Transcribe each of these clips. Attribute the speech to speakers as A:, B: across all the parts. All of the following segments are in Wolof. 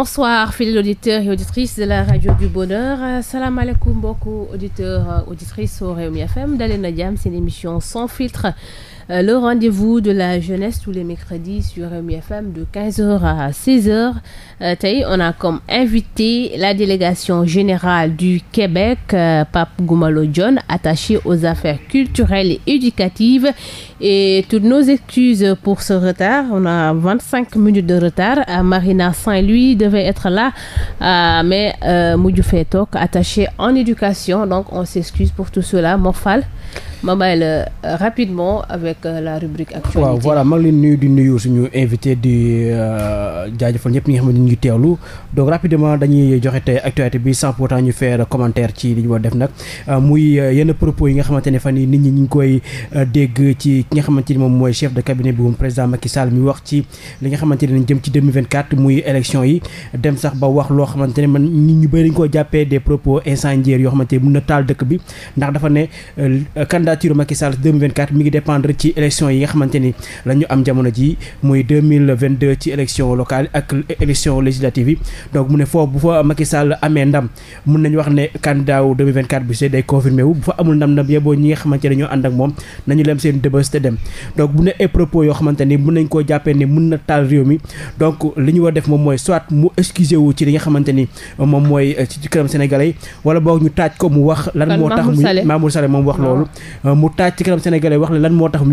A: bonsoir fidèles auditeurs et auditrices de la rajo du bonheur salaamaaleykum mbokku auditeurs euh, auditrices au Rewmi FM dalee na jàmm seen émission sans filtre. Euh, le rendez-vous de la jeunesse tous les mercredis sur Rewmi FM de 15h à euh, la délégation générale du Québec euh, Goumalo Dione attaché aux affaires culturelles et éducatives et toutes nos excuses pour ce retard on a mais mujj fee toog attaché en éducation donc on s'excuse ak euh, la rubrique
B: actualité waaw voilà maa ngi leen nuyu di nuyu suñu invité di euh, jaajëfal ñëpp ñi nga xam ne ñu ngi teewlu donc rapidement dañuy joxe tey actualité bi sans pourtant ñu faire commentaire ci li ñu war def euh, yi nga xamante ne fan yi nit ñi ñu ngi koy dégg ci ki nga xamante ni moom mooy chef de cabinet bi moom président Macky Sall mi wax ci li nga xamante ne dañ jëm ci muy élection yi dem sax ba wax loo xamante ne ma nit ñu bëri dañ koo jàppee des propos incendiaires yoo xamante ne mun na taal dëkk bi ndax dafa ne candidature ci élection yi nga xamante ni la am jamono ji muy ci élection locale ak élection législative yi donc mu ne foofu bu fa Macky Sall amee ndam mun nañu wax ne candidat wu 2024 bu wu bu fa amul ndam ndam yeboo ñi nga xamante ne ñoo ànd ak moom nañu lem seen dëbës te dem donc bu ne ay propos yoo xamante ni mun nañ koo jàppee ni mun na taal réew mi donc li ñu war def moom mooy soit mu excusé wu ci li nga xamante ni moom mooy euh, ci kanam sénégalais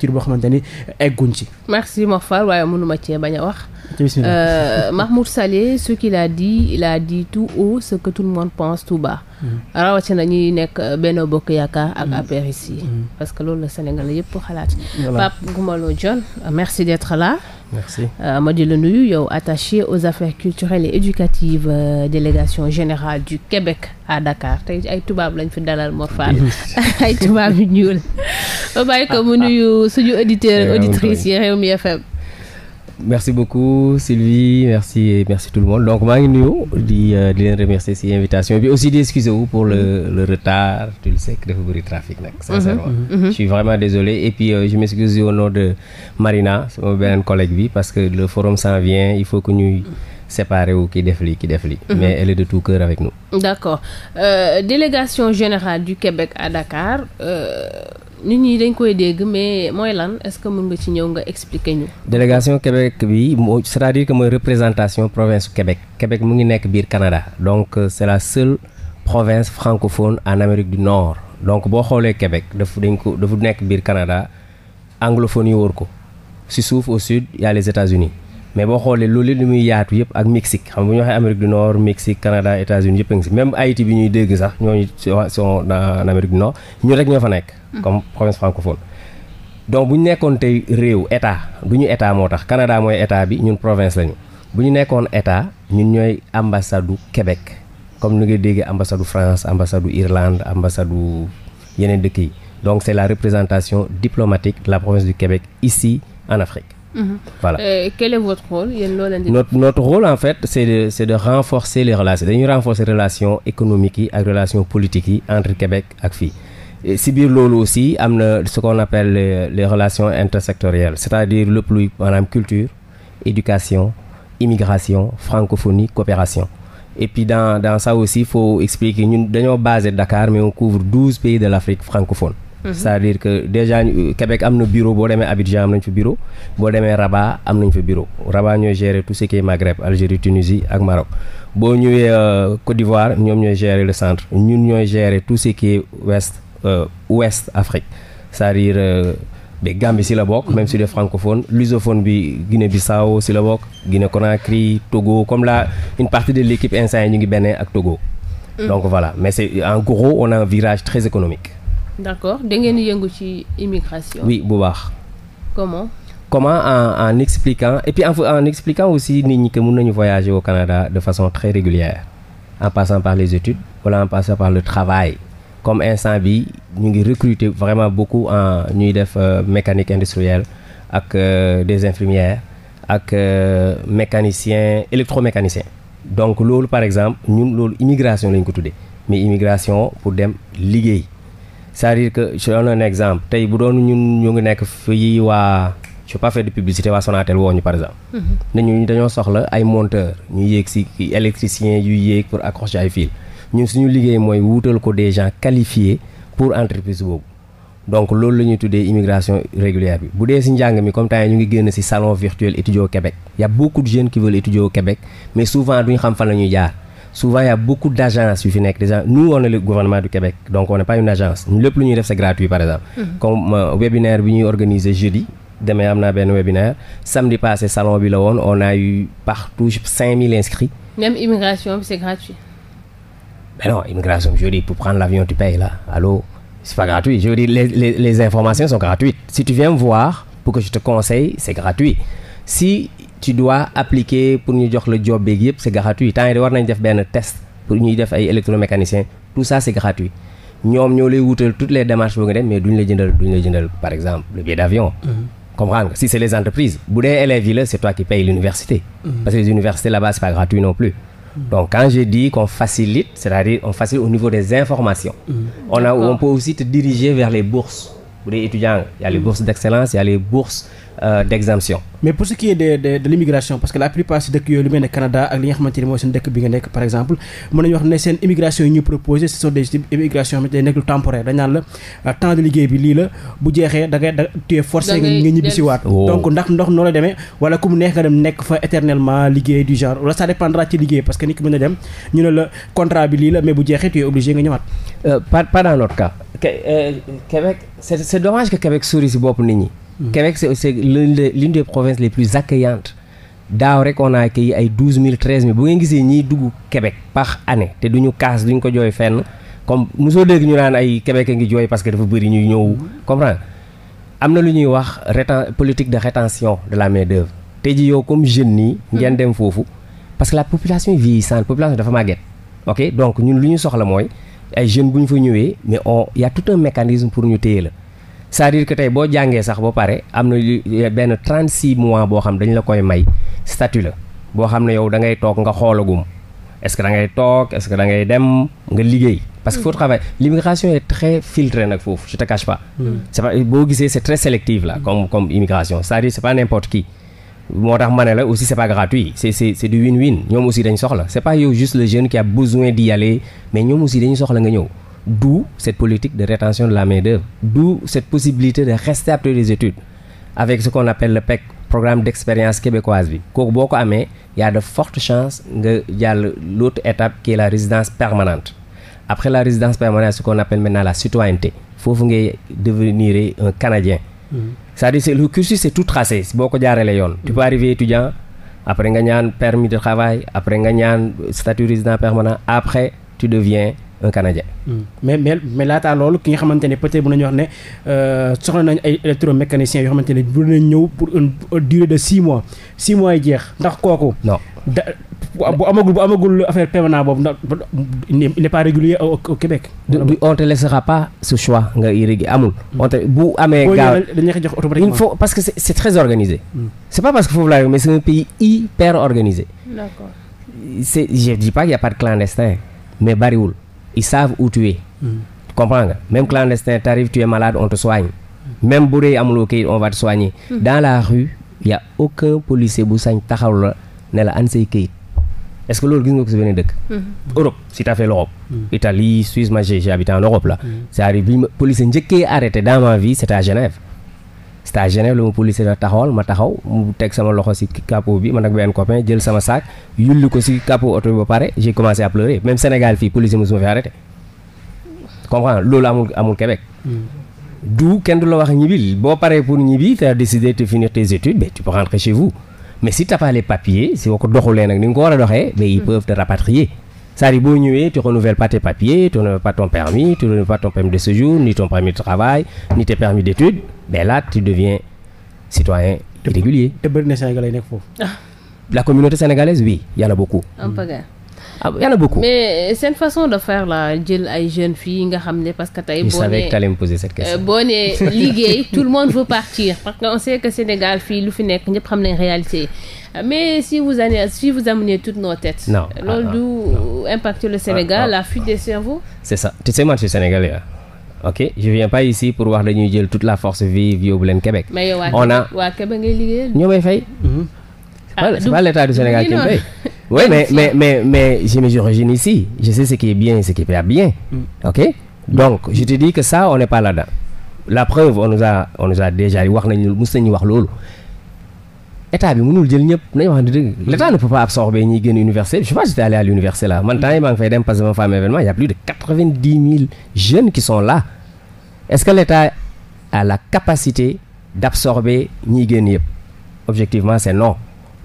B: magistrature boo xamante ni egguñ ci.
A: merci ma Fall waaye mënuma cee bañ a wax.
B: Euh,
A: Mahmoud Saleh ce qu'il a dit il a dit tout haut ce que tout le monde pense tout bas. rawatina ñuy nekk euh, Benno Bokk Yaakaar ak mm. APR yi mm. parce que loolu la Sénégal yëpp xalaat Pape Gumalo Dione euh, merci d'être là euh, ma di la nuyu yow attaché aux affaires culturelles et éducatives euh, délégation générale du Québec à Dakar tey ay tubaab lañ fi dalal Mor Fall mm. ay tubaab yu ñuul ba bàyyi ko mu nuyu suñu auditeurs auditrices yi Rewmi FM
C: merci beaucoup Sylvie merci et merci tout le monde donc maa di euh, di remercier si invitation bi aussi di excuser wu pour le le retard tu le sais que dafa bëri trafic nag mhm. sincèrement mhm. Mhm. je suis vraiment désolé et puis euh, je m'excuse au nom de Marina sama beneen collègue bi parce que le forum s'en vient il faut que ñuy séparé wu ki def li ki mais elle est de tout cœur avec nous
A: d'accord euh, délégation générale du Québec à Dakar nit ñi dañ koy dégg mais mooy lan est-ce que mën nga ci ñëw nga expliquer ñu.
C: délégation Québec bi moo c'est-à-dire mooy représentation province Québec Québec mu ngi nekk biir Canada donc euh, c'est la seule province francophone en Amérique du Nord donc boo xoolee Québec dafa dañ ko dafa nekk biir Canada anglophone yi wër ko si suuf au sud y a les États-Unis mais boo xoolee loolu li muy yaatu yëpp ak Mexique xam nga bu ñu waxee Amérique du Nord Mexique Canada États-Unis yëpp a ngi même Haïti bi ñuy dégg sax ñooñu sont en Amérique du Nord ñu rek ñoo fa nekk. Mm-hmm. comme province francophone. donc bu ñu nekkoon tey réew état du ñu état moo tax Canada mooy état bi ñun province lañu bu ñu nekkoon état ñun ñooy ambassade du Québec comme ni nga déggee ambassade du France ambassade du Irlande ambassade du yeneen dëkk yi donc c'est la représentation diplomatique de la province du Québec ici en Afrique. Mmh. Voilà.
A: Euh, quel est votre rôle yéen loolu
C: rôle en fait c'est de c'est de renforcer les relations dañuy renforcer relations économiques yi ak relations politiques yi entre Québec ak fii. si loolu aussi am na ce qu'on appelle les, les relations intersectorielles c'est-à-dire lépp luy maanaam culture éducation immigration francophonie coopération et puis dans dans ça aussi faut expliquer ñun dañoo basé Dakar mais on couvre douze pays de l'Afrique francophone Mm -hmm. c'est-à-dire que déjà euh, Québec am na bureau boo demee Abidjan am nañ fa bureau boo demee Rabat am nañ fa bureau Rabat ñooy gérer tout ce qui est Maghreb Algérie Tunisie ak Maroc boo ñëwee euh, Côte d'Ivoire ñoom ñooy gérer le centre ñun ñooy gérer tout ce qui est Euh, ouest Afrique c'est-à-dire euh, mais Gambie si la bokk même si des francophones lusophone bi Guinée-Bissau si la bokk Guinée-Conakry Togo comme la une partie de l'équipe instant yi ñu ngi Bénin ak Togo mm. donc voilà mais c'est en gros on a virage très économique
A: d'accord da ngeen yëngu ci immigration oui bu baax comment
C: comment en en expliquant et puis en, expliquant aussi nit ñi que mun nañu voyage au kanada de façon très régulière en passant par les études wala en passant comme instant bi ñu ngi recruter vraiment beaucoup en ñuy def euh, mécanique industrielle ak euh, des infirmières ak euh, mécaniciens électromécaniciens donc loolu par exemple ñun loolu immigration lañ ko tuddee mais immigration pour dem liggéey c'est-à-dire que je donne un exemple tey bu doon ñun ñoo ngi nekk yi waa je pas fait de publicité waa Sonatel woo ñu par exemple. Mm-hmm. ne ñu dañoo soxla ay monteurs ñu yéeg si électriciens yu yéeg pour accrocher ay fil. ñun suñu liggéey mooy wuutal ko des gens qualifiés pour entreprise boobu donc loolu la ñuy tuddee immigration régulière bi bu dee si njàng mi comme temps ñu ngi génn si salon virtuel étudiant au Québec y a beaucoup de qui veulent étudier Québec mais souvent duñ xam fan la ñuy jaar souvent y a beaucoup d' agences yu fi nekk déjà nu on est le gouvernement du Québec donc on n'est pas une agence lépp lu ñuy def c'est gratuit par exemple mm-hmm. comme euh, webinaire bi ñuy organiser jeudi demee am naa benn webinaire samedi salon bi la woon on a eu partout 5000 Mais non, immigration, je dis, pour prendre l'avion, tu payes là. Allô C'est pas gratuit. Je dis, les, les, sont gratuites. Si tu viens voir pour que je te conseille, c'est gratuit. Si tu dois appliquer pour nous dire le job est c'est gratuit. Tant que tu un test pour nous dire électromécanicien, tout ça, c'est gratuit. ñoom ñoo lay wutal toutes les démarches boo nga mais duñ la jëndal duñ par exemple le billet d'avion mm-hmm. comprendre nga si c'est les entreprises bu dee élèves yi la c'est toi qui paye l'université mm-hmm. parce que les universités là-bas c'est pas gratuit non Donc quand je dis qu'on facilite, c'est-à-dire on facilite au niveau des informations. Mm. On, a, on peut aussi te diriger vers les bourses. Pour les étudiants, il y a les mm. bourses d'excellence, les bourses euh, d' exemption.
B: mais pour ce qui est de de de l' immigration parce que la plupart si dëkk yooyu lu mel ne Canada ak li nga xamante ni mooy seen dëkk bi nga nekk par exemple mën nañu wax ne seen immigration yi ñu proposé ce sont des immigration yoo euh, lii jeexee da nga ñibbisi waat. Oh. ndax ndox noonu la wala mu neex nekk fa éternellement liggéey du genre wala ça dépendra ci liggéey parce que nit ñu ne la contrat bi lii la mais bu jeexee tu es obligé nga ñëwaat. Euh, pas pas dans notre cas.
C: Euh, Québec si bopp nit ñi. Mmh. Québec c'est aussi l'une des l'une des provinces les plus accueillantes daaw rek on a accueilli ay mille treize mille bu ngeen gisee ñiy dugg Québec par anne te duñu kaas duñ ko jooy fenn comme mosoo dégg ñu naan ay Québec a ngi jooy parce que dafa bëri ñuy ñëw comprendre am na lu ñuy wax réten politique de rétention de la mais d'œuvre te ji yow comme jeune nii ngeen dem foofu parce que la population vieillissante population dafa màgget ok donc ñun lu ñu soxla mooy ay jeunes bu ñu fa ñëwee mais on y mécanisme pour ñu téye la cest à que tey boo jàngee sax ba pare am na benn 36 mois boo xam dañu la koy may statut la boo xam ne yow da ngay toog nga xoolagum est-ce que da ngay toog est-ce que da dem nga liggéey. parce que faut travailler l'immigration est foofu je te cache pas. Mm. c'est pas boo gisee c'est très sélective là mm. comme comme immigration c'est-à-dire c'est pas n'importe qui. moo tax ma la aussi c'est pas gratuit c'est du win-win ñoom aussi dañ soxla c'est pas yow juste le jeune qui a besoin d'y mais ñoom nga ñëw. D'où cette politique de rétention de la main-d'œuvre, d'où cette possibilité de rester après les études avec ce qu'on appelle le PEC, programme d'expérience québécoise bi kooku boo ko amee y a de fortes chances nga jàll l'autre étape qui est la résidence permanente après la résidence permanente ce qu'on appelle maintenant la citoyenneté foofu ngay devenir un Canadien mm -hmm. c'est-à-dire c'est le cursus c'est tout tracé boo ko jaarale yoon tu peux arriver étudiant après nga ñaan permis de après nga ñaan statut résident permanent après tu deviens
B: un canadien. Hmm. mais mais mais loolu ki nga xamante ne peut-être mën nañu wax ne euh, soxla nañ ay électromécaniciens yoo xamante ne bu na ñëw pour une de six mois six mois yi jeex ndax kooku. non da bu amagul bu amagul affaire permanent boobu ndax il n'est pas régulier au Québec. du on te laissera pas
C: ce choix nga yërëgi amul. Hmm. on te bu amee. gaaw dañu jox automatiquement il faut parce que c'est c'est très organisé. Hmm. c'est pas parce que foofu laa mais c'est un pays hyper organisé. d'accord c'est je dis pas qu'il y clandestin mais bariwul. ils savent où tu es. Mm. comprends nga même clandestin t'arrives tu es malade on te soigne. Mm. même bu dee amuloo kayit on va te soigner. Mm. dans la rue y a aucun policier bu sañ taxaw la ne la an loolu gis nga ko si beneen dëkk. Europe si t'as fait Italie Suisse ma j'ai habité en Europe là. cest njëkkee arrêté dans ma vie à Genève. stagiaire la ma policier da taxawal ma taxaw mu teg sama loxo si capot bi man ak benn copain jël sama sac yulli ko si capot oto bi ba pare j'ai commencé à pleurer même Sénégal fii policier mosuma fi arrêté comprendre loolu amul amul Québec. Hmm. du kenn du la wax ñibbil boo paree pour ñibbi t'as décidé de finir tes études mais tu peux rentrer chez vous mais si t'as pas si boo ko doxulee nag ni nga ko war a doxee mais ils hmm. peuvent te rapatrier. c'est-à-dire boo ñëwee tu renouvelles pas tes papiers tu renouvelles ton permis tu renouvelles pas ton permis de séjour ni ton permis de travail ni tes permis d'études ben là tu citoyen irrégulier. Ah. la communauté sénégalaise oui y beaucoup. ah y en
A: mais seen façon de faire la jël ay jeunes filles nga xam ne parce que tey. boo nee que t'allais me
C: euh, boo
A: nee liggéey tout le monde veut partir parce que on sait que Sénégal fii lu fi nekk ñëpp xam nañ réalité mais si vous amenez si vous amenez toutes nos têtes. non loolu ah, du ah, le Sénégal ah, ah. la fuite ah, des cerveaux.
C: c'est ça tu sais man je suis sénégalais je viens pas ici pour wax dañuy jël tout la force vive yóbbu leen Québec. on
A: mais yow waa Québec ngay
D: liggéeyal. ñoo may fay. Mhm.
C: pas l'état du Sénégal qui paye. Oui, mais, mais, mais, mais j'ai mes origines ici. Je sais ce qui est bien et ce qui n'est pas bien. Mm. OK Donc, je te dis que ça, on n'est pas là-dedans. La preuve, on nous a, on nous a déjà dit, état bi mënul jël ñëpp nañu wax dëgg mm. l'état ne peut pas absorber ñiy gën université je sais pas j'étais allé à l'université là man temps yi maa dem parce que ma événement il plus de quatre-vingt-dix mille jeunes qui sont là est-ce que l'état à la capacité d'absorber ñiy gën yëpp objectivement c'est non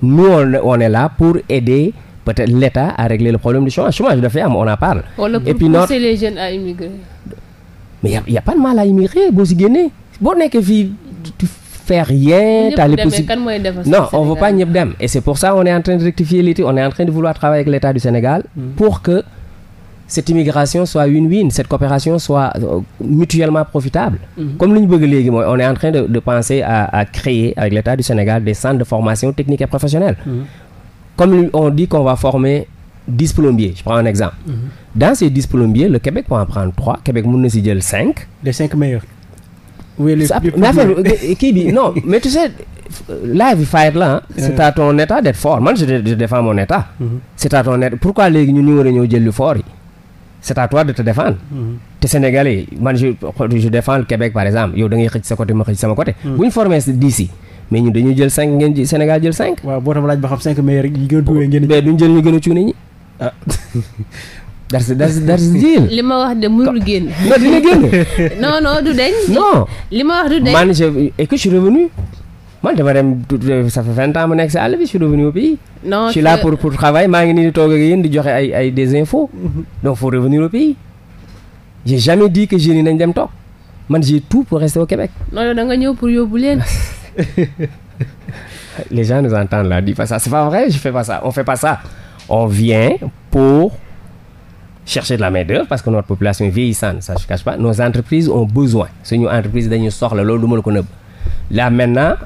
C: Nous, on, on est là pour aider peut-être l'État à régler le problème du chômage. Chômage de ferme, on en parle. Et puis notre...
A: les jeunes à immigrer.
C: Mais il n'y a, boo si génnee boo nekkee fii tu fais rien. t'as les possibilités
A: non on veut pas
C: ñëpp dem. et c'est pour ça on est en de rectifier l'état on est en train de vouloir travailler avec l'État du Sénégal. Mm. pour que cette immigration soit win-win cette coopération soit euh, mutuellement profitable. Mhm. comme li ñu bëgg léegi mooy on est en train de penser à créer avec l'État du Sénégal des centres de formation technique et professionnelle. Mmh. comme on dit qu'on va former dix je prends un exemple. Mhm. dans ces dix le Québec peut prendre trois Québec mën na si jël cinq.
B: les cinq meilleurs. mais affaire kii bi non
C: mais tu sais. live fight la c'est à ton état d'être man je, je mhm. yi c'est à toi de te défendre. Mm-hmm. te Sénégalais man je je défends le Québec par exemple yow da ngay xëcc sa côté ma xëcc sama côté. Mm. bu ñu formé d'ici mais ñun dañuy jël cinq ngeen Sénégal jël cinq. boo tam laaj ba xam cinq meilleurs yi gën a tuwee ngeen. ñu gën a cuune ñi ah. dars dars jël. li
A: wax de mënul génn.
C: non du deñ. non man je et que je man dama dem ça fait vingt ans ma nekk si àll bi je suis revenu au pays.
A: non je pour
C: pour maa ngi nii di toog ak yéen di joxe ay des infos. Mhm. donc faut revenir au pays. j'ai jamais dit que jeunes yi nañ dem toog man j'ai tout pour rester au Québec.
A: non da nga ñëw pour yóbbu leen.
C: les gens nous entendent là di pas ça c'est pas vrai je fais pas ça on vien pour chercher la main-d'œuvre parce que notre population est vieillissante ça je cache pas nos entreprises ont besoin suñu entreprise dañu soxla loolu du ma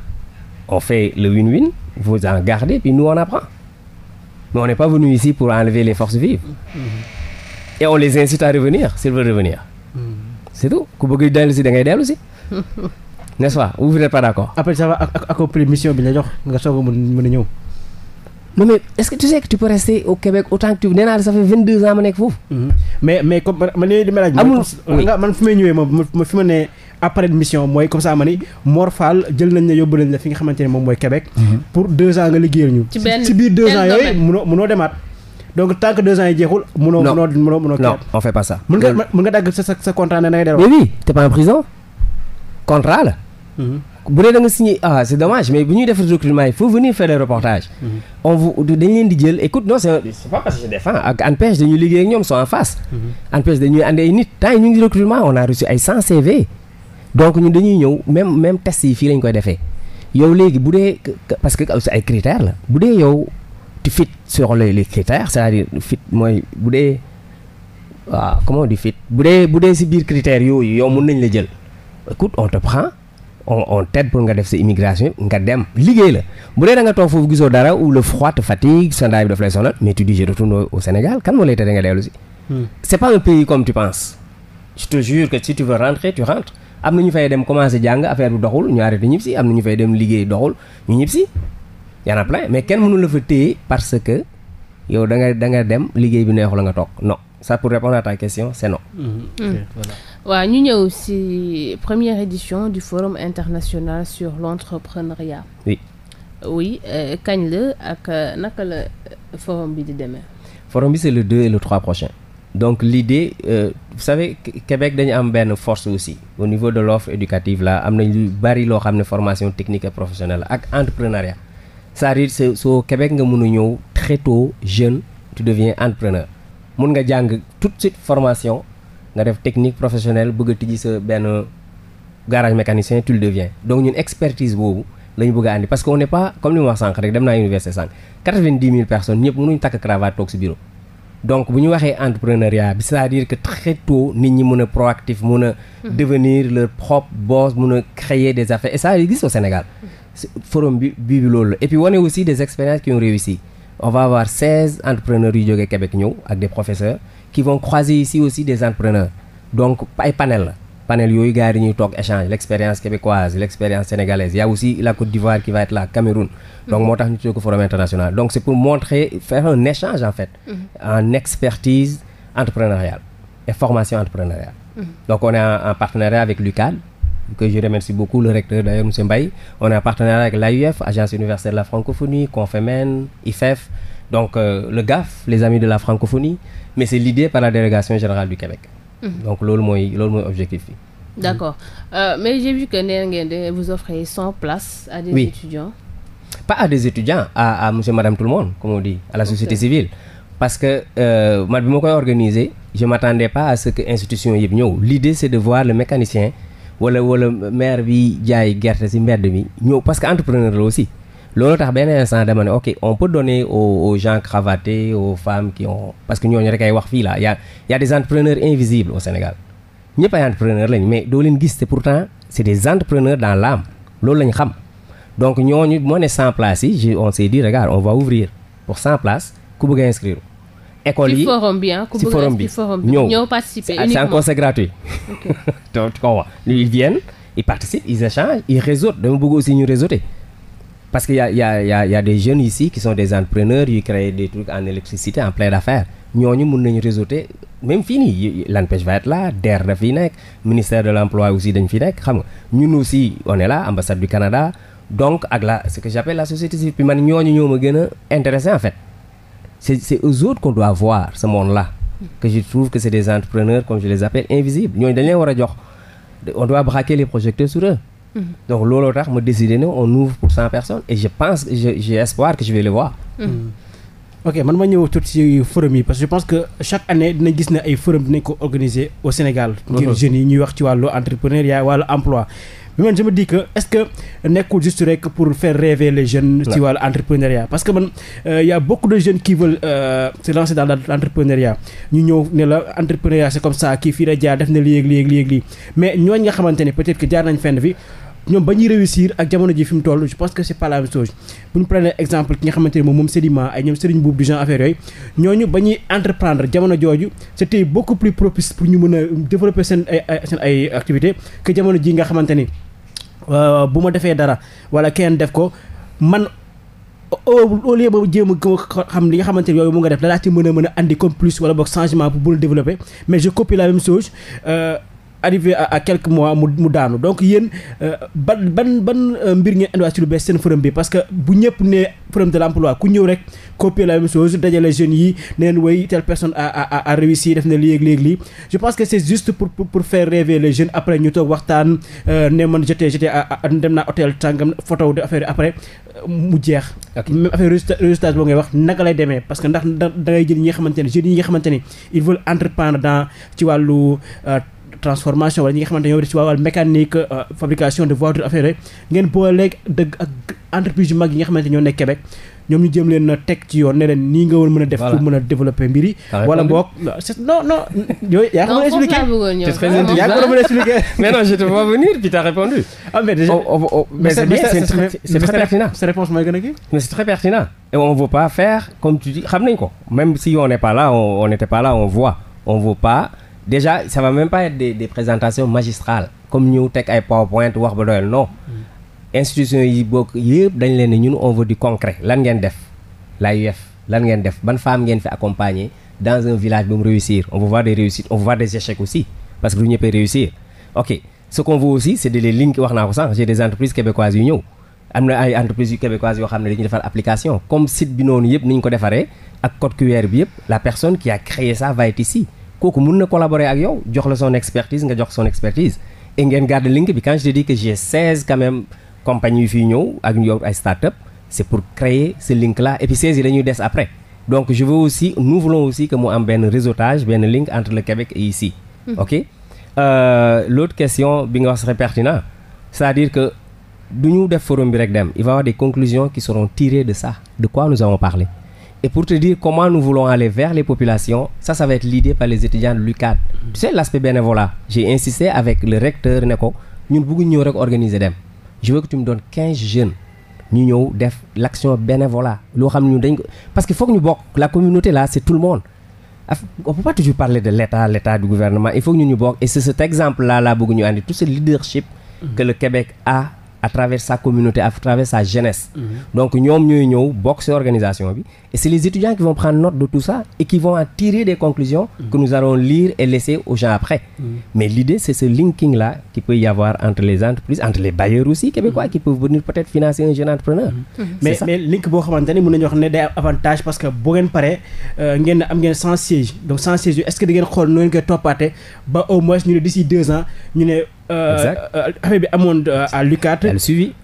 C: on fait le win-win, vous en gardez, puis nous on apprend. Mais on n'est pas venu ici pour enlever les forces vives. Et on les incite à revenir, s'ils veulent revenir. C'est tout. Ku bëgg dellu si da ngay dellu si. N'est-ce pas? Vous n'êtes pas d'accord? Après ça va accomplir mission
B: bi la jox nga soog a mën a ñëw.
C: non mais est-ce que tu sais que tu peux rester au Québec autant que tu nee naa ça fait 22 ans ma nekk foofu.
B: Mm-hmm. mais mais comme man fi ma ne. après mission mooy comme ça ma ni jël nañ la yóbbu nañ la fi nga xamante ne moom mooy Québec. Mhm. pour deux ans nga liggéeyal ñu. ci benn ci biir deux ans yooyu munoo munoo demaat. donc tant que deux ans yi jeexul. munoo munoo munoo munoo. non
C: on fait pas ça. mën nga mën
B: nga dagg sa sa mhm. ah,
C: mais bu ñuy def recrutement yi faut venir faire des reportages. Mhm. on leen di jël écoute non c'est c'est pas parce que je défends ak ANPEJ dañuy liggéey ak ñoom sont en face. ANPEJ dañuy andi ay nit temps ngi recrutement on a reçu ay donc ñu dañuy ñëw même même test yi fii lañ koy defee yow léegi bu dee parce que aussi ay critères la bu dee yow tu fit sur les les critères c'est-à-dire fit mooy bu dee waaw comment on fit bu dee bu dee si biir critère yooyu yow mun nañ la jël écoute on te prend on on t'aide pour nga def sa immigration nga dem liggéey la bu dee da nga toog foofu gisoo dara ou le froid te fatigue sandaay bi daf lay sonal mais tu dis je retourne au Sénégal kan moo lay tere nga dellu si. Hmm. c'est pas un pays comme tu am na ñu fay dem commencé jàng affaire bi doxul ñu arrêté ñibbi si am na ñu fay dem liggéey doxul ñu ñibbi si y en mais kenn mënu la fa téye parce que yow da nga da dem liggéey bi neexul la nga toog no ça pour répondre à ta question c'est non.
A: waaw mm-hmm. mm. ñu ñëw si première édition du forum international sur l'entrepreneuriat. oui. oui euh, kañ la ak euh, naka la euh, forum bi di demee.
C: forum bi c'est le 2 et le 3 prochain. donc l'idée euh, vous savez Québec dañu am benn force aussi au niveau de l'offre éducative la am nañ lu bari loo xam ne formation technique et ak entrepreneuriat c'est-à-dire c'est soo Québec nga mun a ñëw très tôt jeune tu deviens entrepreneur mun nga jàng tout de suite formation nga def technique professionnelle bëgg a tijji sa benn garage mécanicien tu le deviens donc ñun expertise boobu la bëgg a andi parce que on n'est pas comme li ma wax sànq rek dem naa université donc bu ñu waxee entrepreneuriat bi c'est-à-dire que très nit ñi mun a proactif mun a hmm. devenir leur propre boss mun a créer des affaires et ça il au Sénégal forum bi bii bi loolu la et puis wane aussi des expériences qui ont réussi on va avoir seize entrepreneurs yu jógee Québec ñëw ak des professeurs qui vont croiser ici aussi des entrepreneurs donc ay panel la panel yooyu gars yi ñuy toog échange l' expérience québécoise l' expérience sénégalaise y' a aussi la Côte d'Ivoire qui va être là Cameroun. donc moo tax ñu tuddee ko forum international donc c' pour montrer faire un échange en fait. Mm-hmm. en expertise entrepreneuriale et formation entrepreneuriale. Mm-hmm. donc on est en partenariat avec l'UCAD que je remercie beaucoup le recteur d'ailleurs monsieur Mbaye on est en partenariat avec l'AUF agence universitaire la francophonie Confemen IFEF e donc euh, le GAF les amis de la francophonie mais c'est l'idée par la délégation générale du Québec Mhm. donc loolu mooy loolu mooy objectif bi.
A: d' accord euh, mais j'ai vu que nee ngeen vous offrez cent places. à des oui. étudiants.
C: pas à des étudiants à à monsieur madame tout le monde comme on dit à la société okay. parce que euh, man bi ma koy organiser je m'attendais pas à ce que institution yëpp ñëw l'idée c'est de voir le mécanicien wala wala maire bi jaay gerte ci mbedd mi ñëw parce que entrepreneur la aussi. loolu tax benn instant dama ok on peut donner aux aux gens cravatés aux femmes qui parce que ñooñu rek ay wax fii la y y a des entrepreneurs invisibles au Sénégal ñëpp ay entrepreneurs lañu mais doo leen gis te pourtant c'est des entrepreneurs dans l'âme loolu lañu xam donc ñooñu moo ne 100 places yi on s'est dit regarde on va ouvrir pour 100 places ku bëgg a école yi ci forum
A: bi ah, bi ñëw ñëw participer uniquement c'est en conseil
C: gratuit. ok donc tu comprends ils viennent ils participent ils échangent bëgg aussi ñu réseauter. Parce que y a, y, a, y, a, y a des jeunes ici qui sont des entrepreneurs, ils créent des trucs en électricité, en plein d'affaires. ñooñu mun nañu réseauté même fii nii l'ANPEJ va être là DER daf fi nekk ministère de l'emploi aussi dañ fi nekk xam nga ñun aussi one est là ambassade du Canada donc ak la ce que j'appelle la société civile puis man ñooñu ñoo ma gën a intéressé en fait c'est c'est eux autres qu'on doit voir ce monde là que je trouve que c'est des entrepreneurs comme je les appelle invisibles war a jox on doit sur Mmh. donc looloo tax ma décidé ne on ouvre pour cent personnes et je pense j'ai espoir que je vais voir.
D: Mm-hmm.
B: ok man ma ñëw tuuti ci forum yi parce que je pense que chaque année dina gis ne ay forum dina ko organiser au Sénégal. ngir mm-hmm. jeunes yi ñuy wax ci wàllu entrepreneuriat wàllu emploi. man je me dis que est-ce que nekkul juste rek pour faire rêver les jeunes. ci wàllu parce que man euh, y a beaucoup de jeunes qui veulent euh, se lancer dans l'entrepreneuriat ñu ñëw ne la entrepreneuriat comme ça kii fii la jaar def na lii ak lii ak lii ak lii mais ñooñ nga xamante ne peut-être que jaar nañ fenn fi. ñoom ba ñuy réussir ak jamono ji fi mu toll je pense que c'est pas la même chose bu ñu prenee exemple ki nga xamante ne moom moom Sedima ay ñoom Serigne du genre affaire yooyu ba ñuy entreprendre jamono jooju c'était beaucoup plus propice pour ñu mën a développer seen ay seen jamono ji nga xamante ni Euh, bu ma defee dara wala kenn def ko man au lieu ba jéem a xam li nga xamante ne yooyu mu nga def dalaa ci mën a mën a andi comme plus wala boog changement pour bu développer mais je copie la arrivé à quelques mois mu mu daanu donc yéen euh, ban ban ban euh, mbir ngeen indiwaat ci lu bees seen forum bi parce que bu ñëpp ne forum de l'emploi ku ñëw rek copier la même chose dajale jeunes yi neen way telle personne a a a def na lii ak lii ak lii je que c'est juste pour pour faire rêver les jeunes après ñu toog waxtaan euh, ne man j'étais j'étais dem naa hôtel tàngam photo de affaire après mu jeex même affaire résultat boo ngay wax naka lay demee parce que ndax da ngay jël ñi xamante ne jeunes yi nga xamante ne ils veulent entreprendre wàllu transformation wala ñi xamante ñoo def ci wàllu mécanique euh, fabrication de voiture affaire yooyu ngeen booleeg dëgg ak entreprise yu mag ñoo nekk Québec ñoom ñu jëm leen teg ci yoon ne nii nga war a def pour mën a développer mbir yi wala boog non yaa ko mën a expliqué a mais non je très pertinent sa
C: réponse mooy gën a kii mais si on n'est pas là on n'était pas là on voit on veut pas déjà ça va même pas de des, des présentations magistrales comme ñëw teg ay PowerPoint wax ba doyal non mm. institution yi bokk yëpp dañ leen ne ñun on veut concret lan ngeen def la UF lan ngeen def ban femme ngeen fi accompagner dans un village bu mu réussir on veut voir des réussites on veut voir des échecs aussi parce que du ñëppee réussir ok ce qu'on veut aussi c'est de les lignes wax naa ko sànq j'ai des entreprises québécoises yu ñëw am na ay entreprises yu québécoises yoo bi noonu yëpp ni ñu ko defaree ak code yëpp la personne qui a créé ça va être ici kooku mun na collaborer ak yow jox la son expertise nga jox son expertise et ngeen garde link bi quand je te dis que j'ai 16 quand compagnie yu fii ñëw ak yow ay start-up c'est pour créer ce link là et puis yi dañuy des après donc je veux aussi nous aussi que mu am benn réseautage benn link entre le Québec et ici hmm. ok euh, l'autre question bi nga wax serait pertinent c'est-à-dire que du ñu def forum bi rek dem il va y avoir des conclusions qui seront de ça de quoi nous avons Et pour te dire comment nous voulons aller vers les populations, ça, ça va être l'idée par les étudiants de l'UCAD. Mm. Tu sais, l'aspect bénévolat, j'ai insisté avec le recteur Neko, nous voulons organiser dem. Je veux que tu me donnes 15 jeunes. Nous def l'action bénévolat parce qu'il faut que nous bokk la communauté la c'est tout le monde on peut pas toujours parler de l'État l'État du gouvernement il faut que nous ñu bokk et c'est cet exemple là ñu andi tout ce leadership mm-hmm. que à travers sa communauté à travers sa jeunesse mhm. donc ñoom ñooy ñëw bokk ci organisation bi et c'est les étudiants qui vont prendre note de tout ça et qui vont en tirer des conclusions mhm. que nous allons lire et laisser aux gens après mhm. mais l'idée c'est ce linking là qui peut y avoir entre les entreprises entre les bailleurs aussi québécois qui peuvent venir peut-être financer un jeune entrepreneur
D: mais
B: link boo xamante ne mën nañu wax day am avantage parce que boo ngeen paree euh, ngeen am ngeen cent sièges donc cent sièges est-ce que Euh, euh, affaire bi amoon euh, à l'UCAD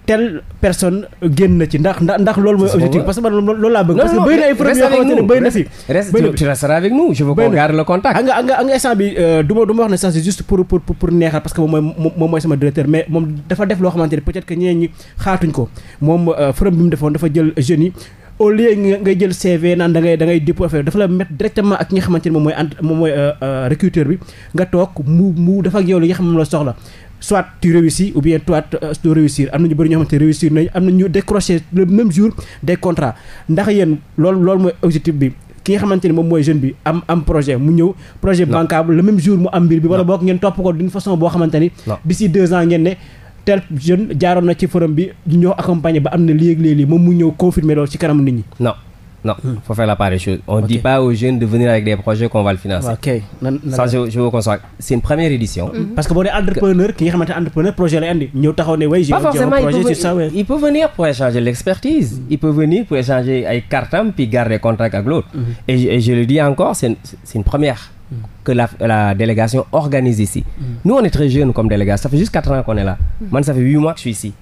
B: telle personne génn na ci ndax ndax ndax loolu mooy objectif parce que man loolu laa bëgg parce que bëri na ay problème na fi reste tu resteras avec nous je veux qu'on garde le contact bi du ma du ma wax ne ça c'est juste pour pour pour neexal parce que moom mooy moom mooy sama directeur mais moom dafa def loo xamante ne peut-être que ñeneen ñi xaatuñ ko moom forum bi mu defoon dafa jël jeunes yi au lieu ngay jël CV naan da ngay da ngay dépôt affaire dafa la met directement ak ki nga xamante ne moom mooy entre moom mooy euh, euh, recruteur bi nga toog mu mu dafa ak yow li nga la soxla soit tu réussis ou bien euh, réussir am na ñu bëri ñoo xamante ne réussir nañ am na ñu décroché le jour des contrats ndax yéen loolu lool mooy objectif bi. ki nga xamante ne moom mooy jeune bi am am projet mu ñëw projet bancable le même jour mu am mbir bi wala boog ngeen topp ko d'une façon boo xamante ni d'ici deux ans tel jeune jaaroon na ci forum bi ñoo accompagné ba am na léeg-léeg lii moom mu ñëw confirmer loolu ci kanam nit ñi. non
C: non il hmm. faire la part des choses. on dit pas aux jeunes de venir avec des projets qu'on va le financer. c'est une première édition. Hmm.
B: parce que boo dee entrepreneur ki nga xamante ne entrepreneur projet lay andi. ñëw taxaw ne way j'ai un projet sur ça
C: il peut venir pour échanger l'expertise. Hmm. il peut venir pour échanger ay cartam puis garder contact ak l'autre. et je le dis encore c'est que la, la délégation organise ici. Mm. Nous, on est très jeunes comme délégation. Ça fait juste 4 ans qu'on est là. Moi, mm. ça fait 8 mois que suis ici.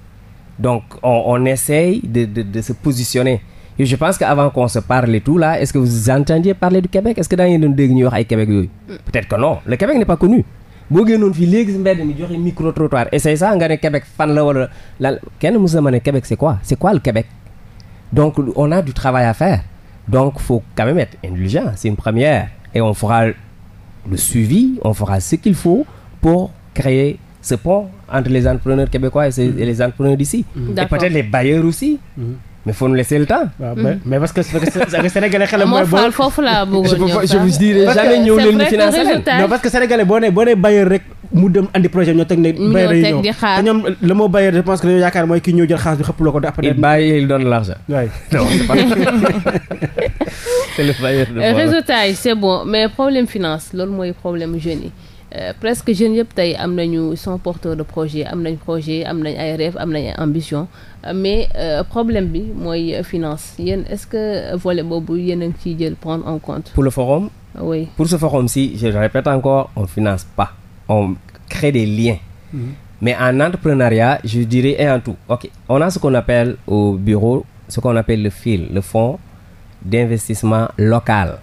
C: Donc, on, on de, de, de, se positionner. Et je pense qu'avant qu'on se parle tout là, est-ce que vous entendiez parler du Québec Est-ce que dans une dégnion à Québec mm. Peut-être que non. Le Québec n'est pas connu. boo génnoon fii léegi mi joxe micro trottoir essayé ça nga ne Québec fan la wala lan kenn mos na ma ne Québec c'est quoi c'est quoi le Québec on a du travail à faire donc faut le suivi, on fera ce qu'il faut pour créer ce pont entre les entrepreneurs québécois et, ces, et les entrepreneurs d'ici. Et peut-être les bailleurs aussi.
A: Mhm.
B: mais faut nous laisser le temps. waaw mais mais parce que parce que sénégalais xelam mooy. boo
A: foofu laa bëggoon ñëw sax je vous dirai leen ñu financé leen. parce
B: que sénégalais boo nee boo nee bailleur rek mu dem andi projet ñoo teg ne. bailleur yi ñëw te ñoom le mot bailleur je pense que dañoo yaakaar mooy kii ñëw jël xaalis bi xëpp loo ko. après il bàyyi il donne
D: l'argent. waay non c'est le
A: c'est bon mais problème finance loolu mooy problème jeunes Euh, presque jeunes yëpp tey am nañu son porteurs de projet am nañ projet am nañ ay rêve am nañ ay ambition euh, mais euh, problème bi mooy finance yéen est-ce que volet boobu bu a ngi ciy jël prendre en compte. pour
C: le forum. pour ce forum si je le répète encore on finance pas on crée des liens. Mhm. mais en entreprenariat je dirais et en tout ok on a ce qu'on appelle au bureau ce qu'on appelle le FIL le fonds d'investissement local.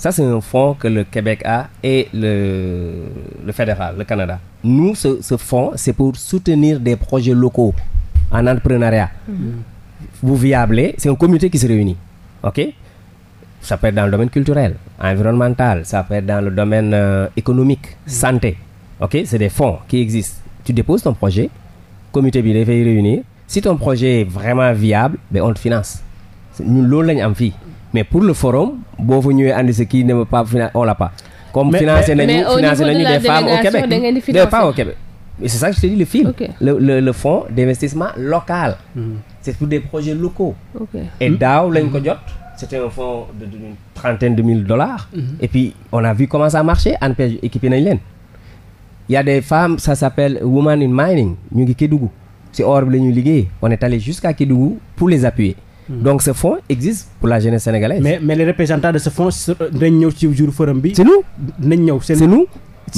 C: Ça, c'est un fonds que le Québec a et le, le fédéral, le Canada. Nous, ce, fonds, c'est pour soutenir des projets locaux en entrepreneuriat. Mmh. Vous viablez, c'est un comité qui se réunit. OK Ça peut être dans le domaine culturel, environnemental, ça peut être dans le domaine euh, économique, mmh. santé. OK C'est des fonds qui existent. Tu déposes ton projet, comité bi dafay réunir. Si ton projet est vraiment viable, ben on le finance. Nous, l'on l'a mais pour le forum boo fa ñëwee andi sa kii ne ma pas on l'a pas. comme financé nañu financé nañu des femmes au Québec des femmes c'est ça que je te dis le FIL. le le le fonds d'investissement local. Mm -hmm. c'est pour des projets locaux. Okay. et hmm. daaw lañ ko jot. c'était un fonds de d'une trentaine de mille dollars. Mm -hmm. et puis on a vu comment ça marchait ANPEJ équipé nañ leen. y des femmes ça s'appelle Women in Mining ñu ngi Kédougou. ci or bi la ñuy liggéey on est allé jusqu'à Kédougou pour les appuyer. Mm. donc ce fonds existe pour la jeunesse sénégalaise. mais
B: mais les représentants de ce fonds euh, dinañ ñëw ci jour forum bi. c'est nous dinañ ñëw c'est nous.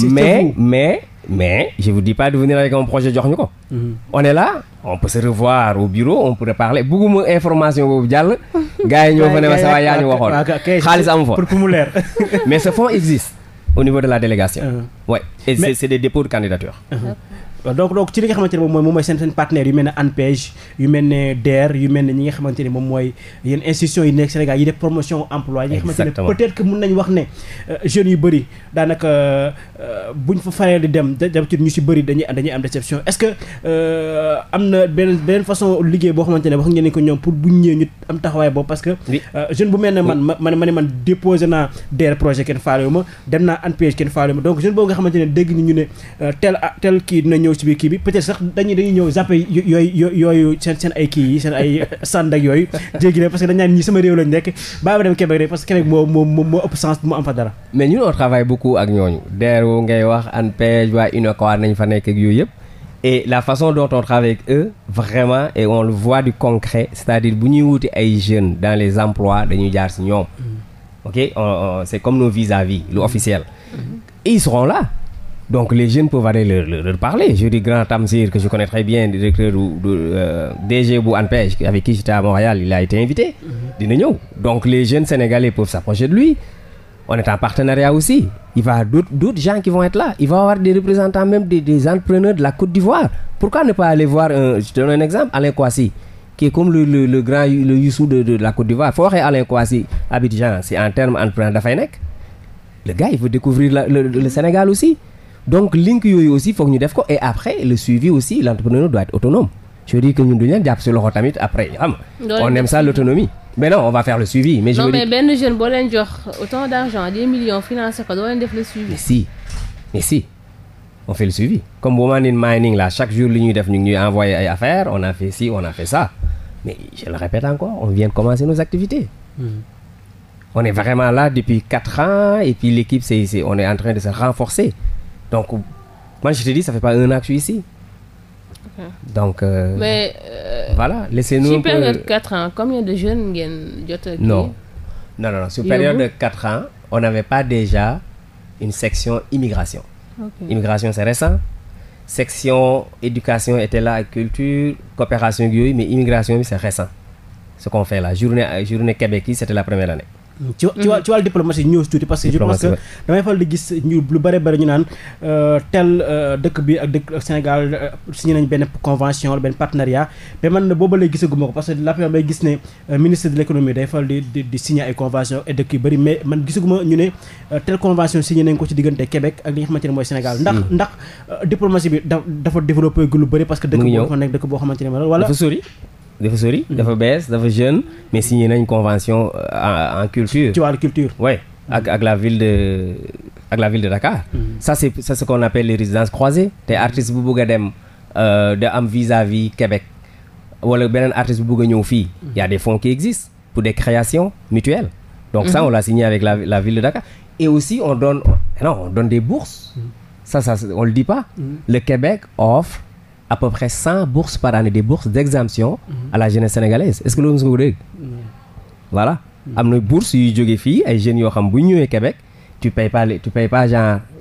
B: mais
C: mais mais je vous dis pas de avec un projet jox ñu ko. Mm-hmm. on est là on peut se revoir au bureau on pourrait parler bugguma information boobu jàll. gars yi ñoo fa ne ma sa waay yaa ñu waxoon. xaalis amu fa mu
B: leer.
C: mais ce fonds existe au niveau de la délégation. Uh-huh. ouais et c'est des dépôts de candidature.
B: Uh-huh. donc donc ci li nga xamante ne moom mooy moom mooy seen seen partenaires yu mel ne ANPEJ yu mel ne DER yu mel ne ñi nga xamante ne moom mooy yenn institutions yi nekk Sénégal yi def promotion emploi yi nga xamante euh, yu bëri daanaka euh, buñ fa faree di dem d'habitude ñu si bëri dañuy dañuy am déception est-ce que euh, am na beneen beneen façon liggéey boo xamante ne wax ñoom pour buñ ñëwee ñu am taxawaay boobu parce que jeune bu mel ne man ma ma man déposé naa DER projet kenn faalewu ma dem naa ANPEJ kenn faalewu ma donc jeune boobu nga xamante ne dégg ni ñu ne tel tel kii dina ñëw ñëw ci biir kii bi peut-être sax dañuy dañuy ñëw jàppe yooyu seen seen ay kii yi seen ay stand yooyu jéggi na parce que dañ naan ñi sama réew lañ nekk bàyyi ma dem Québec rek parce que Québec moo moo moo ëpp chance bu mu am fa dara
C: mais ñun on travaille beaucoup ak ñooñu deeru ngay wax ANPEJ waa UNACOIS nañ fa nekk ak yooyu yëpp et la façon dont on travaille avec eux vraiment et on le du concret c'est-à-dire bu ñuy wuti ay jeunes dans les emplois dañuy jaar si ñoom mm-hmm. ok on, on, c'est comme Donc les jeunes peuvent aller leur, leur, leur parler. Je dis Grand Tamsir, que je connais très bien, directeur ou, de, euh, DG Bou Anpej, avec qui j'étais à Montréal, il a été invité, mm -hmm. Donc les jeunes Sénégalais peuvent s'approcher de lui. On est en partenariat aussi. Il va d'autres gens qui vont être là. Il va y avoir des représentants des, entrepreneurs de la Côte d'Ivoire. Pourquoi ne pas aller voir, un, je donne un exemple, Alain qui comme le, le, le grand le Youssou de, de, de, la Côte d'Ivoire. Forêt en termes entrepreneur d'Afainek. Le gars, il donc link yooyu aussi foog ñu def ko et après le suivi aussi l' entrepreneur doit être autonome je dis que ñun duñu leen jàpp si loxo tamit après xam on aime ça l' autonomie non on va faire le suivi. mais je non, mais
A: benn jeune autant d' argent millions financé ko doo leen
C: si mais si on fait le suivi comme Women jour li ñuy def ñu ngi ñuy envoyé ay affaires on a fait ci on a fait ça mais je le répète encore on vient de commencer nos activités. Hmm. on est vraiment là depuis quatre ans et puis l' équipe c' est, on est en train de se renforcer. Donc, moi, je te dis, ça fait pas an que je Donc, euh, Mais,
A: euh, voilà, laissez-nous. Sur période de peu... 4 ans, combien de jeunes Non.
C: Non, non, non. Sur période de 4 ans, on n'avait pas déjà une section immigration. Okay. Immigration, c'est récent. Section éducation était là avec culture, coopération, mais immigration, c'est récent. Ce qu'on fait là. Journée, journée Québec, c'était la première année.
B: ci ci wàllu mhm. ci wàllu diplomatie ñëw si tuuti parce que je pense que damay faral di gis lu bëri bëri ñu naan euh, tel euh, dëkk bi ak dëkk Sénégal euh, signé nañ benn convention wala benn partenariat mais man booba lay gisaguma ko parce que la may gis ne ministre de l'économie day faral di di signé ay convention et dëkk yu bëri mais man gisaguma ñu ne tel convention signé nañ ko ci diggante Québec ak li nga xamante ne mooy Sénégal ndax hmm. ndax diplomatie bi dafa développé gu lu bëri parce que dëkk boo fa nekk dëkk xamante ne wala
C: dafa sori. Hmm. dafa bees dafa jeune. mais signé nañ convention euh, en culture. oui ak la ville de ak la ville de Dakar. Hmm. ça c'est ça ce qu'on appelle les résidences croisées. te artiste bu bëgg a dem euh, da am vis-à-vis Québec wala beneen artiste bu bëgg a ñëw hmm. y a des fonds qui existent pour des créations mutuelles. donc ça on l'a signé avec la ville de Dakar. et aussi on donne on donne des bourses. ça ça on le dit pas. le Québec offre. à peu près cent bourses par année des bourses d'exemption à la jeunesse sénégalaise est-ce que loolu mos nga ko dégg voilà am na bourse yuy jóge fii ay jeunes yoo xam bu ñëwee Québec tu payes pas tu payes pas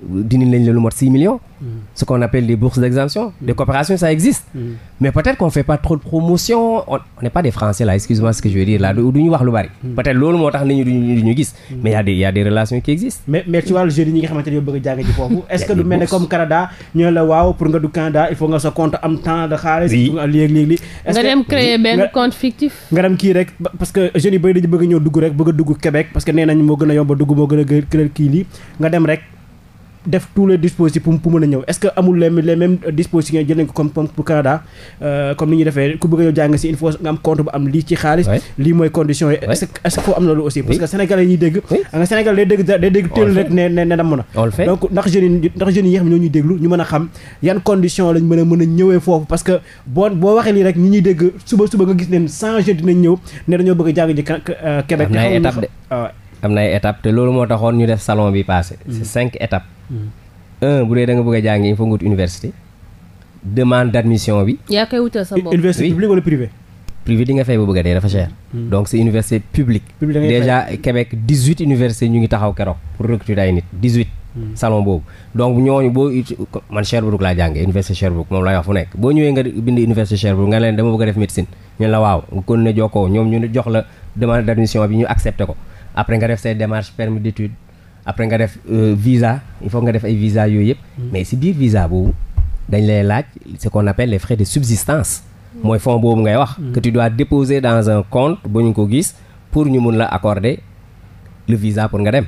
C: dindi nañ la lu mot 6 millions. Mm. ce qu'on appelle des bourses d'exemption. Mm. des coopérations ça existe. Mm. mais peut-être qu'on fait pas promotion on n'est pas des français là excuse ce que je veux du ñu wax lu bari. peut-être loolu moo tax nit ñi du ñu gis. mais y a des y a des relations qui existent.
B: mais mais ci wàllu jeunes yi ñi nga xamante ne yow bëgg a jàng foofu. est que du mel ne comme Canada ñu la waaw pour nga du Canada il faut nga sa compte am temps def tous les dispositifs pour pour mën a ñëw est-ce que amul les les mêmes dispositions yi jël nañ ko comme comme pour Canada euh, comme ni ñuy defee ku bëgg a ñëw jàng si il faut nga am compte bu am lii ci xaalis. lii mooy conditions yi. est am na lu aussi. parce que sénégalais ñuy dégg. nga Sénégal day dégg day rek ne ne ne dama na. ndax jeunes yi ndax jeunes yi nga xam ñoo ñuy déglu ñu mën a xam yan conditions lañ mën a mën a ñëwee foofu parce que boo boo waxee lii rek ñi ñuy dégg suba suba nga gis leen 100 jeunes dinañ ñëw ne dañoo bëgg a jàng ji Québec
C: am na ay étapes te loolu moo taxoon ñu def salon bi passé mm. c'est cinq étapes mm. bu dee da nga bëgg a jàngi il faut nga wut d'admission bi yaa koy wutal sa bopp université publique wala privée di nga fay ba bëgg a dee dafa cher mm. donc c'est université publique déjà Québec dix-huit universités ñu ngi taxaw keroog pour recruter ay nit dix-huit salon boobu donc ñooñu boo man Sherbrooke laa jàngee université Sherbrooke moom laay wax fu nekk boo ñëwee nga bind université Sherbrooke nga leen dama bëgg a def médecine waaw kon ne jokkoo ñoom ñu jox la demande d'admission bi ñu accepté ko après nga def say démarches permis d'étude après nga def euh, visa il faut nga def ay visa yooyu yëpp mm-hmm. mais si biir visa boobu dañ lay laaj ce qu'on appelle les frais de subsistance mm-hmm. mooy fonds boobu ngay wax mm-hmm. que tu dois déposer dans un compte bu ñu ko gis pour ñu mun la accorder le visa pour nga dem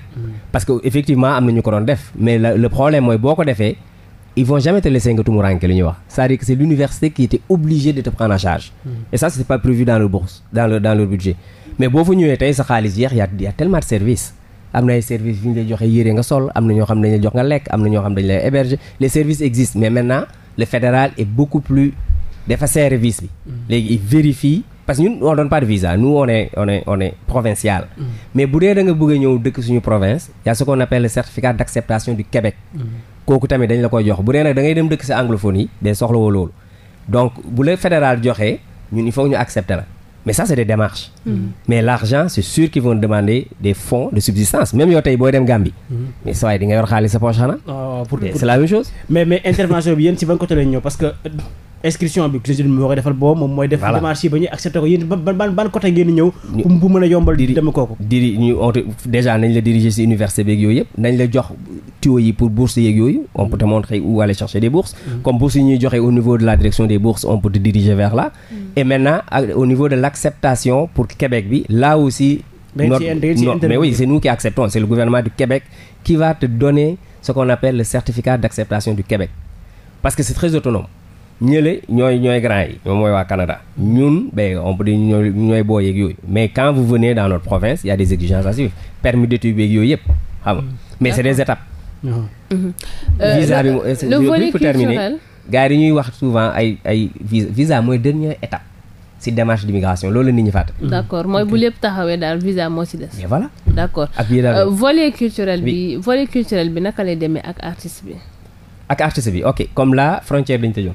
C: parce que effectivement am na ñu ko doon def mais le problème mooy boo ko defee ils vont jamais te laisser nga tumuranke li ñuy wax c'est-à-dire que c'est l'université qui était obligée de te mais boo fa ñëwee tey sa xaalis jeex yaa yaa tellement de service am na ay services yu ñu lay joxe yére nga sol am na ñoo xam ne dañu lay jox nga lekk am na ñoo xam dañu lay héberger les services existent mais maintenant le fédéral est beaucoup plus dafa service bi mm. léegi il vérifie parce que ñu on donne pas de visa nous on est provincial mm. mais bu dee da nga bëgg ñëw dëkk suñu province y a ce qu'on appelle d'acceptation du Québec mm. kooku tamit dañ la koy jox bu dee da ngay dem dëkk sa anglophonie yi day soxlawoo loolu donc bu la fédéral joxee ñun il faut ñu accepter la mais ça c'est des démarches mm. Mm. mais l'argent c'est sûr qu'ils vont demander des fonds de subsistance même yow tey booy dem Gambie mm.
B: mais saa waay di nga xaalis sa poche xanaa ah, c'est la même chose mais mais intervention bi yéen ci ban côté lañ ñëw parce que inscription bi président bi moo koy defal boobu moom mooy def démarche yi ba ñuy accepté ko yéen ban ban ban côté ngeen ñëw bu mën a yombal dem kooku diri ñu oote déjà nañ la diriger si université beeg yooyu yëpp
C: nañ la jox tuyaux yi pour bourse yeeg yooyu on peut te montrer où aller chercher des bourses mm-hmm. comme bourse yi ñuy joxe au niveau de la direction des bourses on peut te diriger vers là mm-hmm. et maintenant au niveau de l'acceptation pour Québec bi là aussi Notre, non, mais oui, c'est nous qui acceptons, c'est le gouvernement du Québec qui va te donner ce qu'on appelle le certificat d'acceptation du Québec. Parce que c'est très autonome. ñële ñooy ñooy grand yi ñoom mooy waa Canada ñun ben on peut ñooy ñooy boo yeeg yooyu mais quand vous venez dans notre province il a des exigences à suivre permis d'études yooyu yëpp xam nga mm. mais c'est des étapes
D: ah. mhm. euh,
A: euh, visa bi
C: yi ñuy wax souvent ay ay visa visa mooy dernière état ci démarche d'immigration loolu la nit ñi fàtte. Mm.
A: d'accord mooy bu lépp taxawee daal visa moo ci des. mais voilà d'accord ak euh, volet culturel bi volet culturel bi naka lay demee ak artiste bi.
C: ak artiste bi ok comme la frontière dañu tëjoon.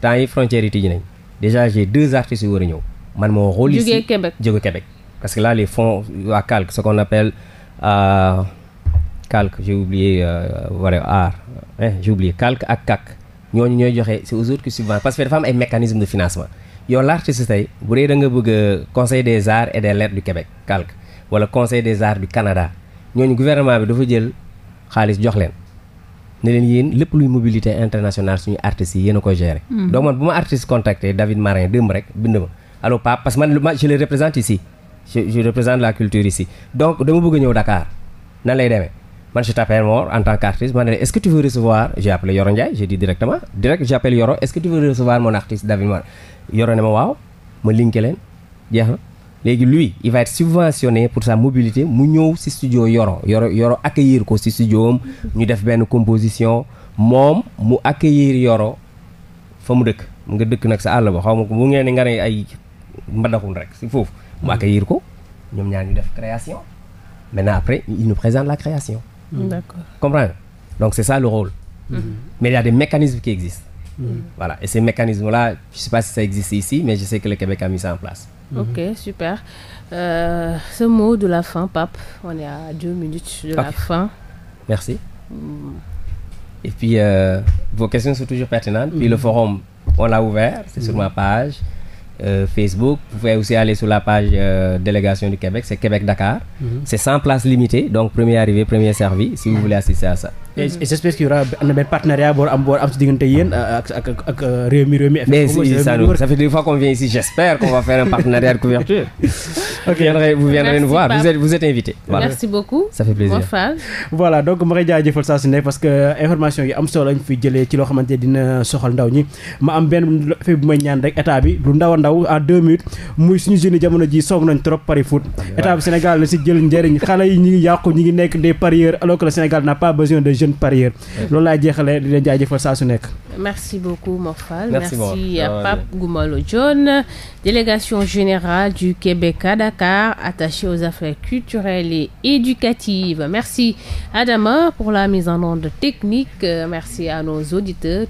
C: temps yi frontières yi tijji nañ déjà j'ai deux artistes yu war a ñëw man moo xool ici jóge Québec jóge Québec parce que là les fonds waa calque ce qu'on appelle euh, calque j'ai oublié euh, wala euh, aar eh j'ai oublié ak CAC ñooñu ñooy joxe c'est aux autres qui subventionnent parce que dafa am ay mécanismes de financement yow l'artiste tey bu dee da nga bëgg euh, conseil des arts et des lettres du Québec calque wala conseil des arts du Canada ñooñu gouvernement bi dafa jël xaalis jox leen ne leen yéen lépp luy mobilité internationale suñu artistes yi yéen a koy gérer. Hmm. donc man bu ma artiste contacté David Marin démb rek bind ma allo Pape parce que man je le représente ici je représente la culture ici donc dama bëgg ñëw Dakar nan lay demee. man je t'appelle Mor en tant qu'artiste ma ne est-ce que tu veux recevoir j'ai appelé Yoro Ndiaye j'ai dit directement direct j'appelle Yoro est-ce que tu veux recevoir mon artiste David Mar Yoro ne ma waaw ma léegi lui il va être pour sa mobilité mu ñëw ci studio Yoro Yoro Yoro accueillir ko ci studio am ñu def benn composition moom mu accueillir Yoro fa mu dëkk mu nga dëkk nag sa àll ba xaw ma ko mu ngeen nga ne ay mbadaxun rek si foofu mu mm. accueillir ko ñoom ñaar ñu def création maintenant après il nous présente la création mm. d'accord comprendre donc c'est ça le rôle mm -hmm. mais il y a qui existent mm et ces mécanismes la je sais pas si ça existe ici mais je sais en place
D: Mhm.
A: ok super euh, ce mot de la fin Pape on est à deux minutes de la fin.
C: merci. Mm. et euh, vos questions sont toujours pertinentes. puis le mm. forum on l'a ouvert. c'est sur mm. ma page. Euh, Facebook. Vous pouvez aussi aller sur la page euh, Délégation du Québec, c'est Québec Dakar. Mm C'est 100 places limitées, donc premier arrivé, premier servi, si vous voulez assister à ça.
B: j'espère qu'il y aura am na benn boo am donc ma koy jaajëfal saa su ne parce que euh, information yi am solo lañ fi jëlee ci loo xamante dina soxal ndaw ñi ma am benn bu may ñaan rek état bi lu ndaw a ndaw à deux minutes muy suñu jeune jamono ji soob nañ trop pari foot état bi Sénégal si jël njëriñ xale ñi ngi yàqu ñi ngi nekk des parieurs alors que le Sénégal n'a pas besoin de jeunes parieurs loolu laay jeexalee di saa su nekk.
A: merci beaucoup Morphal. merci à euh, Pape Goumalo Dione délégation générale du Québec à Dakar attachée aux affaires culturelles et éducatives merci Adama pour la mise en onde technique euh, merci à nos auditeurs.